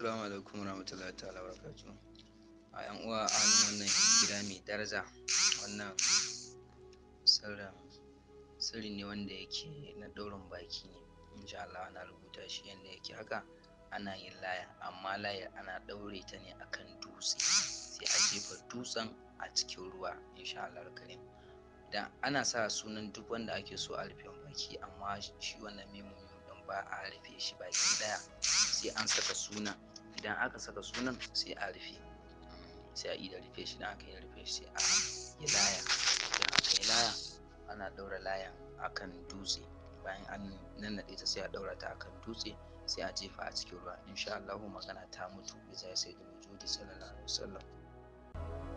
Assalamu alaikum warahmatullahi ta'ala A yan uwa a wannan gida mai daraja wannan sirrin sirri ne wanda yake na daurin baki ne insha Allah ana rubuta shi yadda yake haka ana yin laya amma layar ana daure ta ne akan dutse sai a jefa dutsen a cikin ruwa insha Allah karim da ana sa sunan duk wanda ake so a rufe baki amma shi wannan memo ba a rufe shi baki daya sai an saka suna idan aka saka sunan sai a rufe sai a ida rufe shi idan aka yi rufe shi sai a yi laya idan aka yi laya ana ɗaura layan akan dutse bayan an nannaɗe ta sai a ɗaura ta akan dutse sai a jefa a cikin ruwa insha Allahu magana ta mutu bisa sai da wujudi sallallahu alaihi wasallam